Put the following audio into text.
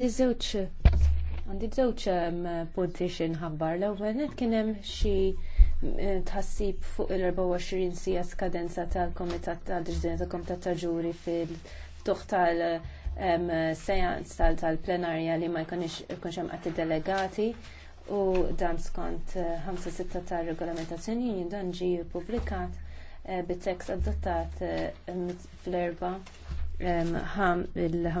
żewġ għandi żewġ punti xin ħabbar l-ewwel kienem kien hemm xi eh, tħassib fuq il-24 sija skadenza tal-Komitat tal-Ġdina tal-Komitat ta' Ġuri fil-tuħ tal-sejans tal-plenarja li ma jkunx hemm qatt delegati u dan skont 56 eh, tal tar-regolamentazzjoni dan ġie publikat eh, bit-tekst adottat fl-erba' il-5